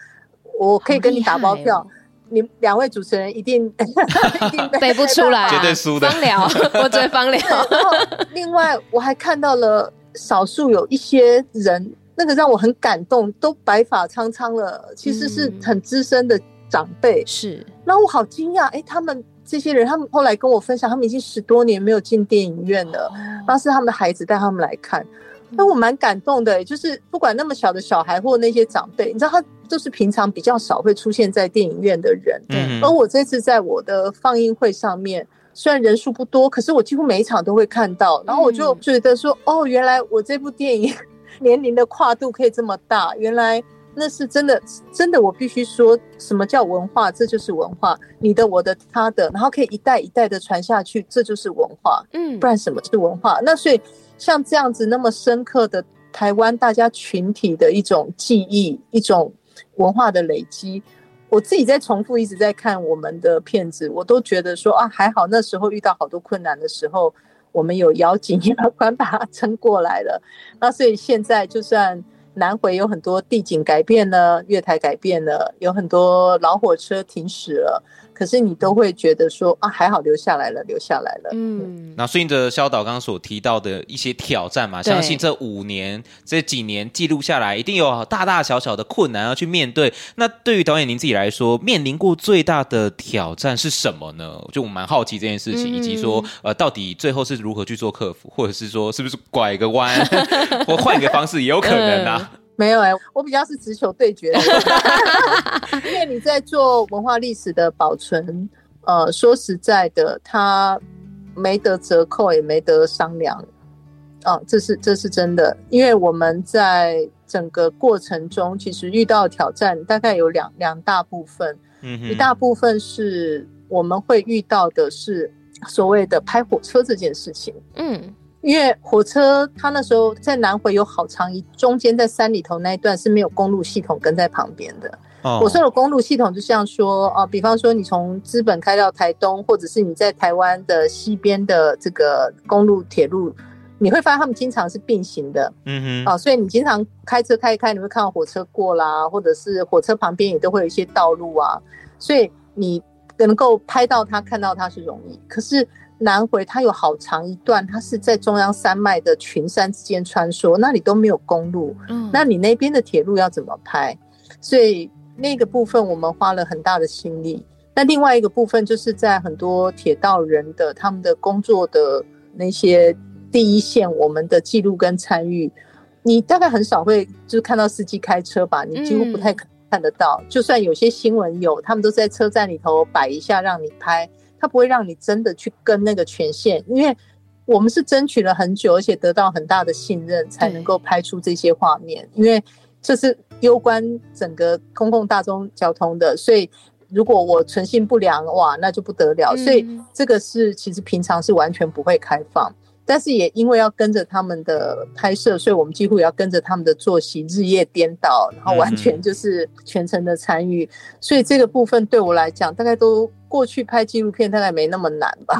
Speaker 3: 我可以跟你打包票，哦、你兩位主持人一定， 一
Speaker 1: 定沒背不出來，啊，法絕對輸的。方了聊 我最方了
Speaker 3: 另外，我還看到了少數有一些人。那個讓我很感動，都白髮蒼蒼了，其實是很資深的長輩、嗯。是，然後我好驚訝。哎、欸，他們這些人，他們後來跟我分享，他們已經十多年沒有進電影院了，哦、當時他們的孩子帶他們來看，嗯、那我蠻感動的、欸。就是不管那麼小的小孩，或那些長輩，你知道，他都是平常比較少會出現在電影院的人。嗯。而我這次在我的放映會上面，雖然人數不多，可是我幾乎每一場都會看到，然後我就覺得說，嗯、哦，原來我這部電影。 年齡的跨度可以這麼大，原來那是真的，真的，我必須說什麼叫文化？這就是文化，你的、我的、他的，然後可以一代一代的傳下去，這就是文化。嗯，不然什麼是文化？那所以像這樣子那麼深刻的台灣大家群體的一種記憶，一種文化的累積，我自己在重複一直在看我們的片子，我都覺得說啊，還好那時候遇到好多困難的時候。我們有咬緊牙關把它撐過來了，那所以現在就算南回有很多地景改變了，月台改變了，有很多老火車停駛了。可是你都會覺得說啊，還好留下來了，留下來了。嗯，
Speaker 2: 對那順着蕭導剛所提到的一些挑戰嘛，相信這五年對這幾年記錄下來，一定有大大小小的困難要去面對。那對於導演您自己來說，面臨過最大的挑戰是什麼呢？就我，我蠻好奇這件事情，以及說、嗯、呃，到底最後是如何去做克服，或者是說是不是拐個彎 或換一個方式也有可能啊？
Speaker 3: 呃沒有誒、欸，我比較是直球對決的， 因為你在做文化歷史的保存，呃，說實在的，它沒得折扣，也沒得商量，啊、呃，這是這是真的，因為我們在整個過程中其實遇到挑戰，大概有兩兩大部分，嗯、哼一大部分是我們會遇到的是所謂的拍火車這件事情，嗯。因為火車它那時候在南回有好長一中間在山裡頭那一段是沒有公路系統跟在旁邊的。我、oh. 火車的公路系統就像說，哦、呃，比方說你從資本開到台東，或者是你在台灣的西邊的這個公路鐵路，你會發現他們經常是並行的。嗯嗯啊，所以你經常開車開一開，你會看到火車過啦，或者是火車旁邊也都會有一些道路啊，所以你能夠拍到它、看到它是容易，可是。南迴，它有好長一段，它是在中央山脈的群山之間穿梭，那裡都沒有公路。嗯，那你那邊的鐵路要怎麼拍？所以那個部分我們花了很大的心力。那另外一個部分就是在很多鐵道人的他們的工作的那些第一線，我們的記錄跟參與，你大概很少會就是看到司機開車吧？你幾乎不太看得到，嗯，就算有些新聞有，他們都在車站裡頭擺一下讓你拍。他不會讓你真的去跟那個權限，因為我們是爭取了很久，而且得到很大的信任，才能夠拍出這些畫面。嗯、因為這是攸關整個公共大眾交通的，所以如果我存心不良，哇，那就不得了。嗯、所以這個是其實平常是完全不會開放。但是也因為要跟着他們的拍攝，所以我們幾乎也要跟着他們的作息，日夜顛倒，然後完全就是全程的參與。嗯、所以這個部分對我來講，大概都過去拍紀錄片，大概沒那麼難吧？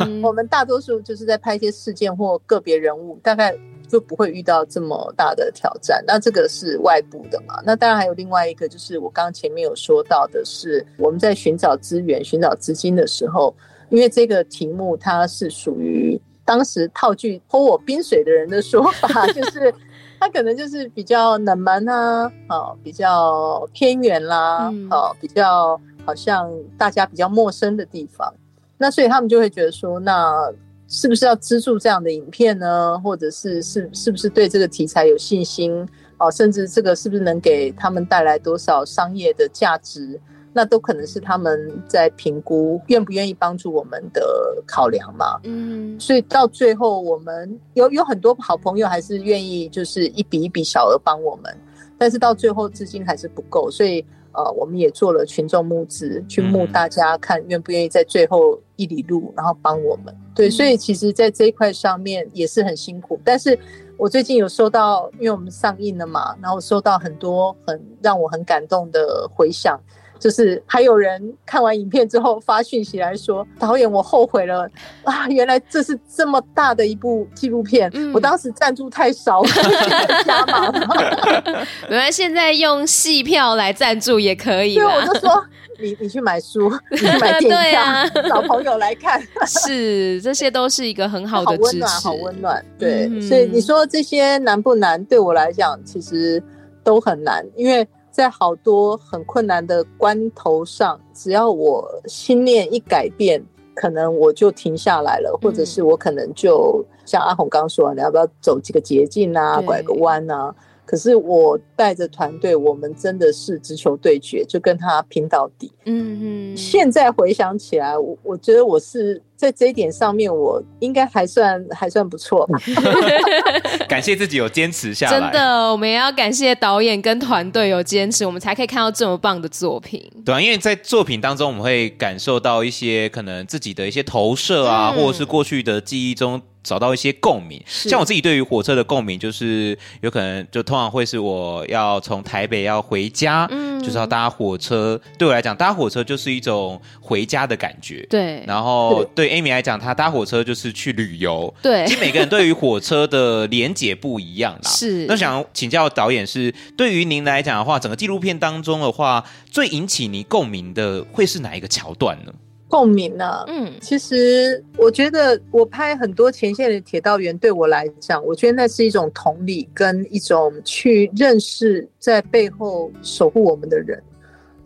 Speaker 3: 嗯、 我們大多數就是在拍一些事件或個別人物，大概就不會遇到這麼大的挑戰。那這個是外部的嘛？那當然還有另外一個，就是我剛剛前面有說到的是，我們在尋找資源、尋找資金的時候，因為這個題目它是屬於。當時套句潑我冰水的人的說法，就是他可能就是比較冷門啊、 哦，比較偏遠啦、嗯哦，比較好像大家比較陌生的地方，那所以他們就會覺得說，那是不是要資助這樣的影片呢？或者是是是不是對這個題材有信心、哦、甚至這個是不是能給他們帶來多少商業的價值？那都可能是他們在評估願不願意幫助我們的考量嘛。嗯，所以到最後我們有有很多好朋友還是願意就是一筆一筆小額幫我們，但是到最後資金還是不夠，所以呃，我們也做了群眾募資去募大家看願不願意在最後一里路，然後幫我們。對，所以其實，在這一塊上面也是很辛苦。但是我最近有收到，因為我們上映了嘛，然後收到很多很讓我很感動的回響。就是還有人看完影片之後發訊息來說：“導演，我後悔了啊！原來這是
Speaker 1: 這麼大的一部紀錄片，嗯、我當時贊助太少 加了，加碼。原來現在用戲票來贊助也可以。”因為我就說你，你去買書，你去買電影票、 啊、找朋友來看。 是，這些都是一個很好的支持，好溫暖，好溫暖。對，嗯、所
Speaker 3: 以你說這些難不難？對我來講，其實都很難，因為。在好多很困難的關頭上，只要我心念一改變，可能我就停下來了，或者是我可能就、嗯、像阿紅剛說、啊，你要不要走幾個捷徑啊，對拐個彎啊？可是我帶着團隊，我們真的是直球對決，就跟他拼到底。嗯嗯哼，現在回想起來，我我覺得我是。在這一點上面，我應
Speaker 1: 該還算還算不錯。
Speaker 2: 感謝自己有堅持下來。真的，
Speaker 1: 我們也要感謝導演跟團隊有堅持，我們才可以看到這麼棒的作品。
Speaker 2: 對、啊，因為在作品當中，我們會感受到一些可能自己的一些投射啊，嗯、或者是過去的記憶中找到一些共鳴。是像我自己對於火車的共鳴，就是有可能就通常會是我要從台北要回家，嗯、就是要搭火車。對我來講，搭火車就是一種回家的感覺。對，然後對。Amy 來講，他搭火車就是去旅遊。對，其實每個人對於火車的連接不一樣啦。 是，那想請教導演是，對於您來講的話，整個紀錄片當中的話，最引起您共鳴的會是哪一個橋段呢？
Speaker 3: 共鳴呢、啊？嗯，其實我覺得我拍很多前線的鐵道員，對我來講，我覺得那是一種同理跟一種去認識在背後守護我們的人。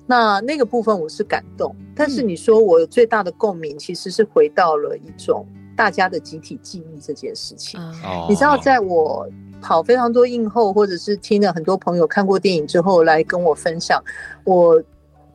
Speaker 3: 那那個部分我是感動，但是你說我最大的共鳴其實是回到了一種大家的集體記憶這件事情。嗯、你知道，在我跑非常多映後，或者是聽了很多朋友看過電影之後來跟我分享，我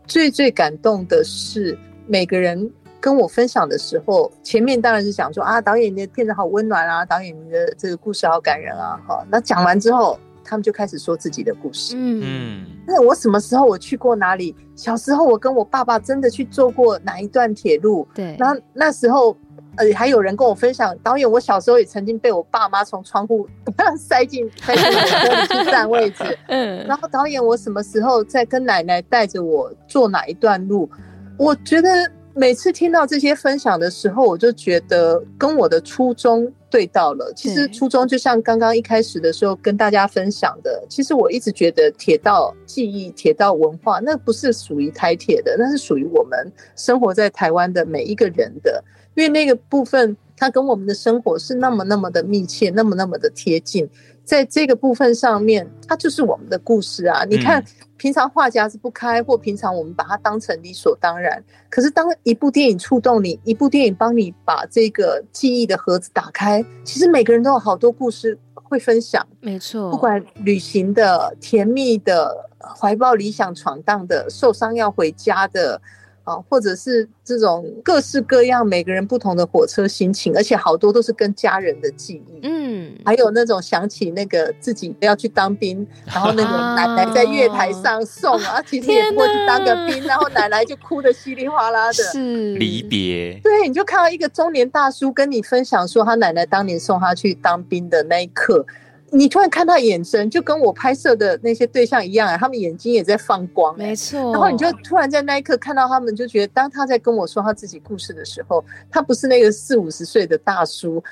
Speaker 3: 最最感動的是每個人跟我分享的時候，前面當然是講說啊，導演你的片子好溫暖啊，導演你的這個故事好感人啊，哈，那講完之後。嗯他們就開始說自己的故事。嗯，那我什麼時候，我去過哪裡？小時候我跟我爸爸真的去坐過哪一段鐵路？對，那那時候呃還有人跟我分享導演，我小時候也曾經被我爸媽從窗戶塞進塞進火車去占位置。 嗯，然後導演，我什麼時候在跟奶奶帶着我坐哪一段路？我覺得。每次聽到這些分享的時候，我就覺得跟我的初衷對到了。其實初衷就像剛剛一開始的時候跟大家分享的，嗯、其實我一直覺得鐵道記憶、鐵道文化，那不是屬於台鐵的，那是屬於我們生活在台灣的每一個人的，因為那個部分它跟我們的生活是那麼那麼的密切，那麼那麼的貼近。在這個部分上面，它就是我們的故事啊！嗯、你看，平常話匣子不開，或平常我們把它當成理所當然。可是當一部電影觸動你，一部電影幫你把這個記憶的盒子打開，其實每個人都有好多故事會分享。沒錯，不管旅行的、甜蜜的、懷抱理想闖蕩的、受傷要回家的。啊、哦，或者是這種各式各樣每個人不同的火車心情，而且好多都是跟家人的記憶，
Speaker 4: 嗯，
Speaker 3: 還有那種想起那個自己要去當兵，然後那個奶奶在月台上送啊，其實也不過是當個兵，哪然後奶奶就哭得稀里嘩啦的，是離別。別對，你就看到一個中年大叔跟你分享說，他奶奶當年送他去當兵的那一刻。你突然看他眼神，就跟我拍攝的那些對象一樣，欸，啊他們眼睛也在放光，欸，沒錯。然後你就突然在那一刻看到他們，就覺得當他在跟我說他自己故事的時候，他不是那個四五十歲的大叔，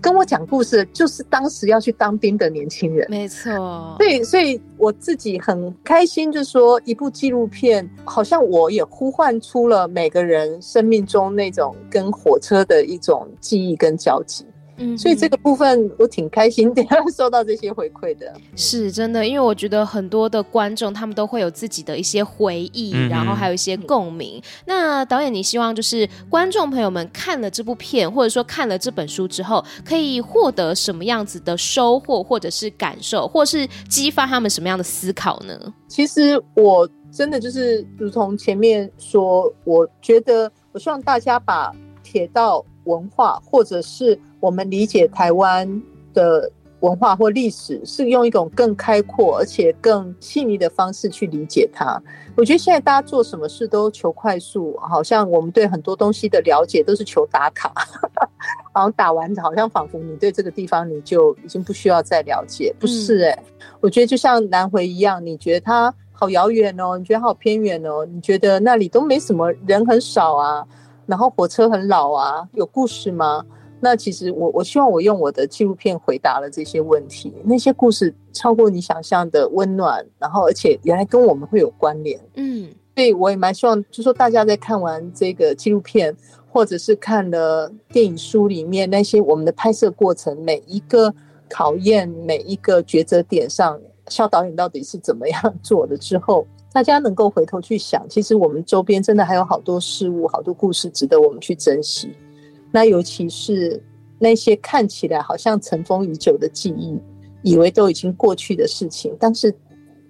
Speaker 3: 跟我講故事，就是當時要去當兵的年輕人，沒錯。所以，所以我自己很開心，就是說一部紀錄片，好像我也呼喚出了每個人生命中那種跟火車的一種記憶跟交集。嗯，所以這個部分我挺開心的。嗯嗯，收到這些回饋的
Speaker 1: 是真的，因為我覺得很多的觀眾他們都會有自己的一些回憶，嗯嗯，然後還有一些共鳴。那導演，你希望就是觀眾朋友們看了這部片，或者說看了這本書之後，可以獲得什麼樣子的收穫，或者是感受，或是激發他們什麼樣的思考呢？
Speaker 3: 其實我真的就是，如同前面說，我覺得我希望大家把鐵道文化，或者是我們理解台灣的文化或歷史，是用一種更開闊而且更細膩的方式去理解它。我覺得現在大家做什麼事都求快速，好像我們對很多東西的了解都是求打卡，然 後打完好像仿佛你對這個地方你就已經不需要再了解，不是欸，誒、嗯，我覺得就像南回一樣，你覺得它好遙遠哦，你覺得好偏遠哦，你覺得那裡都沒什麼人很少啊，然後火車很老啊，有故事嗎？那其實我我希望我用我的紀錄片回答了這些問題，那些故事超過你想象的溫暖，然後而且原來跟我們會有關聯，嗯，所以我也蠻希望，就說大家在看完這個紀錄片，或者是看了電影書裡面那些我們的拍攝過程，每一個考驗，每一個抉擇點上，蕭導演到底是怎麼樣做的之後，大家能夠回頭去想，其實我們周邊真的還有好多事物，好多故事值得我們去珍惜。那尤其是那些看起來好像塵封已久的記憶，以為都已經過去的事情，但是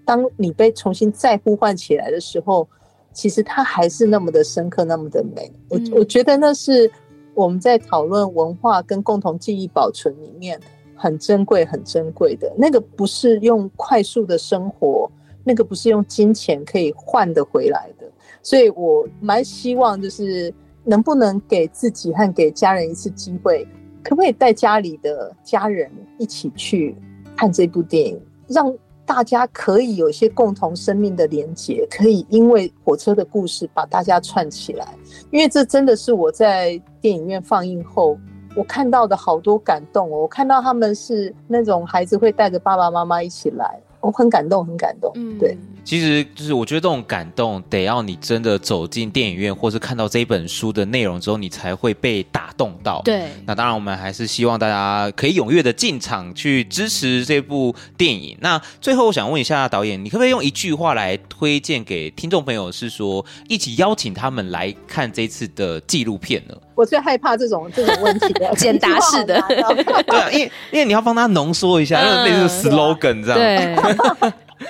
Speaker 3: 當你被重新再呼喚起來的時候，其實它還是那麼的深刻，那麼的美。我我覺得那是我們在討論文化跟共同記憶保存裡面很珍貴、很珍貴的。那個不是用快速的生活，那個不是用金錢可以換得回來的。所以我蠻希望就是。能不能給自己和給家人一次機會？可不可以帶家裡的家人一起去看這部電影？讓大家可以有一些共同生命的連結，可以因為火車的故事把大家串起來。因為這真的是我在電影院放映後，我看到的好多感動哦！我看到他們是那種孩子會帶着爸爸媽媽一起來。我、oh, 很感動，很感
Speaker 2: 動。嗯，對，其實就是我覺得這種感動得要你真的走進電影院，或是看到這本書的內容之後，你才會被打動到。對，那當然我們還是希望大家可以踴躍的進場去支持這部電影。那最後我想問一下導演，你可不可以用一句話來推薦給聽眾朋友，是說一起邀請他們來看這一次的紀錄片呢？
Speaker 3: 我最害怕這種這種問題的 簡答式的，
Speaker 2: 的， 對、啊，因為因為你要幫他濃縮一下， 那類似 slogan 這
Speaker 3: 樣。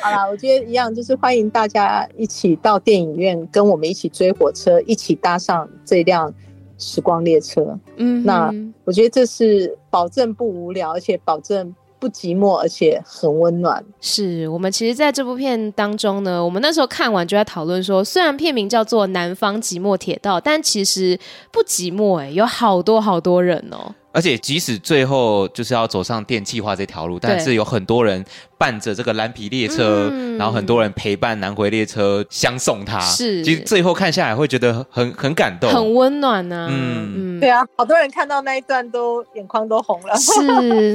Speaker 3: 好了，我覺得一樣，就是歡迎大家一起到電影院，跟我們一起追火車，一起搭上這輛時光列車。嗯哼，那我覺得這是保證不無聊，而且保證。不寂寞，而且很溫暖。是
Speaker 1: 我們其實在這部片當中呢，我們那時候看完就在討論說，雖然片名叫做《南方寂寞鐵道》，但其實不寂寞欸，有好多好多人喔。
Speaker 2: 而且即使最後就是要走上電氣化這條路，但是有很多人伴着這個藍皮列車，嗯、然後很多人陪伴南回列車相送他，是其實最後看下來會覺得很很感動，很
Speaker 1: 溫暖呢、啊。嗯，嗯對啊，好多人看到那一段都眼眶都紅了，是，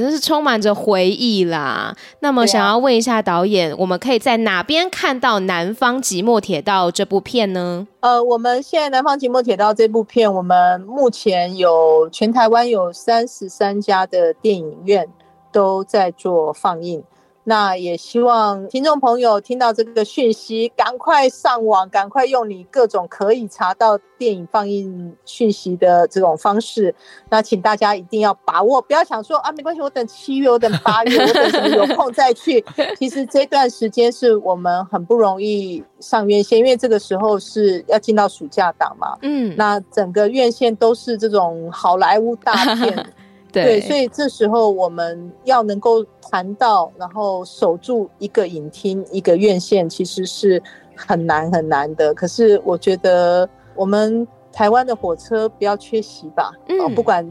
Speaker 1: 那是充滿着回憶啦。 那麼想要問一下導演，我們可以在哪邊看到《南方寂寞鐵道》這部片呢？呃，
Speaker 3: 我們現在《南方寂寞鐵道》這部片，我們目前有全台灣有。三十三家的電影院都在做放映。那也希望聽眾朋友聽到這個訊息，趕快上網，趕快用你各種可以查到電影放映訊息的這種方式。那請大家一定要把握，不要想說啊，沒關係，我等七月，我等八月，我等什麼有空再去。 其實這段時間是我們很不容易上院線，因為這個時候是要進到暑假檔嘛。嗯，那整個院線都是這種好萊塢大片。 對，對，所以這時候我們要能夠談到，然後守住一個影廳、一個院線，其實是很難很難的。可是我覺得我們台灣的火車不要缺席吧，嗯、哦，不管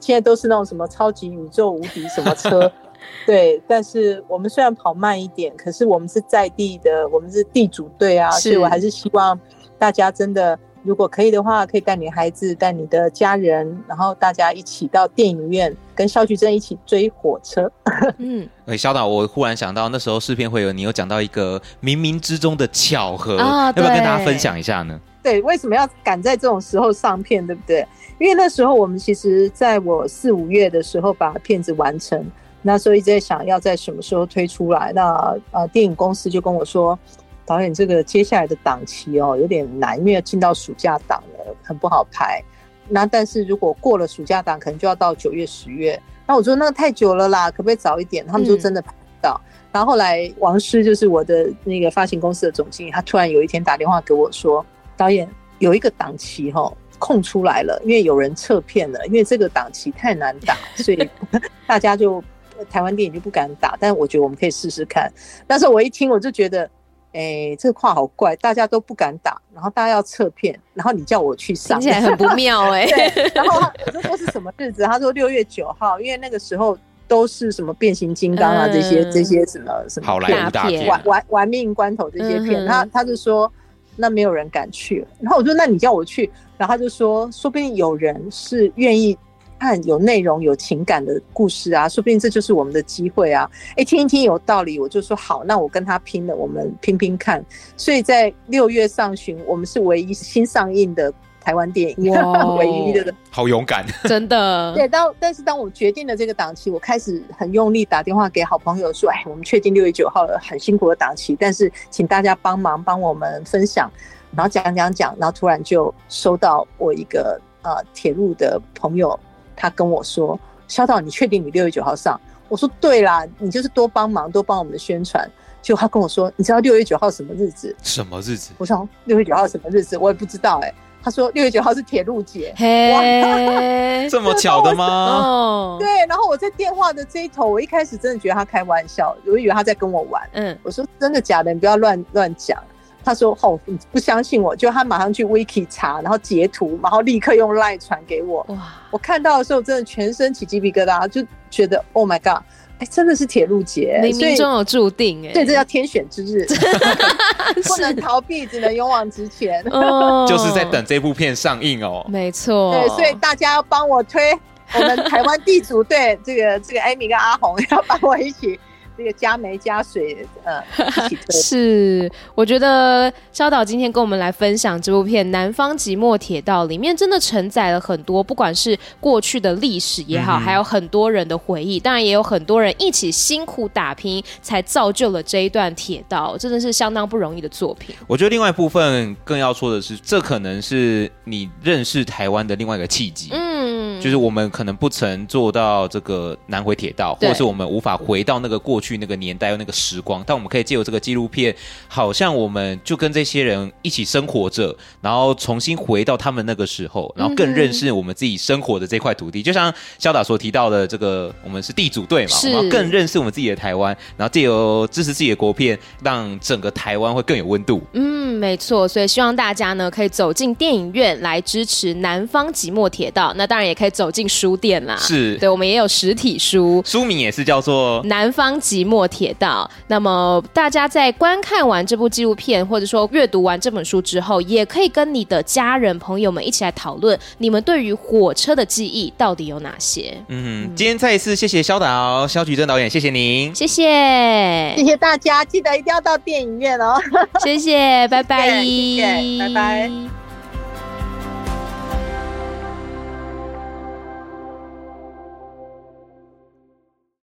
Speaker 3: 現在都是那種什麼超級宇宙無敵什麼車， 對。但是我們雖然跑慢一點，可是我們是在地的，我們是地主隊啊，是所以我還是希望大家真的。如果可以的話，可以帶女孩子，帶你的家人，然後大家一起到電影院，跟蕭菊貞一起追火車。
Speaker 2: 嗯，哎、欸，蕭導，我忽然想到那時候試片會，有你有講到一個冥冥之中的巧合啊，哦、要不要跟大家分享一下呢？
Speaker 3: 對，為什麼要趕在這種時候上片，對不對？因為那時候我們其實，在我四五月的時候把片子完成，那時候一直在想要在什麼時候推出來，那呃，電影公司就跟我說。導演，這個接下來的檔期哦、喔，有點難，因為要進到暑假檔了，很不好排。那但是如果過了暑假檔，可能就要到九月、十月。那我說那個太久了啦，可不可以早一點？他們說真的排不到。然後後來王師，就是我的那個發行公司的總經理，他突然有一天打電話給我說：“導演，有一個檔期哈、喔，空出來了，因為有人撤片了，因為這個檔期太難打，所以大家就台灣電影就不敢打。但我覺得我們可以試試看。”但是我一聽我就覺得。哎、欸，這個話好怪，大家都不敢打，然後大家要撤片，然後你叫我去上，聽起來很不妙哎、欸。 然後他，我就說是什麼日子，他說六月九號，因為那個時候都是什麼變形金剛啊、嗯、這些這些什麼什麼片好萊塢大片，玩玩玩命關頭這些片，嗯、哼他他就說那沒有人敢去，然後我說那你叫我去，然後他就說說不定有人是願意。看有內容、有情感的故事啊，說不定這就是我們的機會啊！哎、欸，聽一聽有道理，我就說好，那我跟他拼了，我們拼拼看。所以在六月上旬，我們是唯一新上映的台灣電影，哦、唯一的。
Speaker 2: 好勇敢，
Speaker 3: 真的。對，當但是當我決定了這個檔期，我開始很用力打電話給好朋友說：“哎，我們確定六月九號了，很辛苦的檔期，但是請大家幫忙幫我們分享，然後講講講，然後突然就收到我一個呃鐵路的朋友。”他跟我說：“蕭導，你確定你六月九號上？”我說：“對啦，你就是多幫忙，多幫我們的宣傳。”就他跟我說：“你知道六月九號什麼日子？”“
Speaker 4: 什麼日子？”
Speaker 3: 我想說：“六月九號什麼日子？我也不知道。”哎，他說：“六月九號是鐵路節。
Speaker 1: Hey,
Speaker 3: 哇”嘿， 這麼巧的嗎？ 對。然後我在電話的這一頭，我一開始真的覺得他開玩笑，我以為他在跟我玩。嗯，我說：“真的假的？你不要亂亂講。”他說：“哦，你不相信我，就他馬上去 Wiki 查，然後截圖，然後立刻用 Line 傳給我。哇，我看到的時候真的全身起雞皮疙瘩，就覺得 Oh my God！哎、欸，真的是鐵路節、欸，命中有
Speaker 1: 注定哎、欸，對，這叫
Speaker 3: 天選之日，不能逃避，只能勇往直前，oh, 就是
Speaker 2: 在等這部片上映哦，沒錯錯，對，所以
Speaker 3: 大家要幫我推我們台灣地主隊 這個這個 Amy 跟阿紅要幫我一起。”
Speaker 1: 這個加煤加水，呃， 起 是，我覺得蕭導今天跟我們來分享這部片《南方寂寞鐵道》，裡面真的承載了很多，不管是過去的歷史也好，嗯、還有很多人的回憶。當然，也有很多人一起辛苦打拼，才造就了這一段鐵道，真的是相當不容易的作品。
Speaker 2: 我覺得另外一部分更要說的是，這可能是你認識台灣的另外一個契機。嗯就是我們可能不曾坐到這個南迴鐵道，對或者是我們無法回到那個過去那個年代那個時光，但我們可以借由這個紀錄片，好像我們就跟這些人一起生活着，然後重新回到他們那個時候，然後更認識我們自己生活的這塊土地。嗯、哼就像蕭導所提到的，這個我們是地主隊嘛，是更認識我們自己的台灣，然後借由支持自己的國片，讓整個台灣會更有溫度。
Speaker 1: 嗯，沒錯。所以希望大家呢，可以走進電影院來支持南方寂寞鐵道，那當然也可以。走進書店啦，是對我們也有實體書，書名也是叫做《南方，寂寞鐵道》。那麼大家在觀看完這部紀錄片，或者說閱讀完這本書之後，也可以跟你的家人朋友們一起來討論，你們對於火車的記憶到底有哪些？嗯
Speaker 4: 哼，
Speaker 2: 今天再一次謝謝蕭導、嗯、蕭菊貞導演，謝謝您，
Speaker 1: 謝謝，謝謝大家，
Speaker 3: 記得一定要到電影院哦。謝謝，拜拜，拜拜。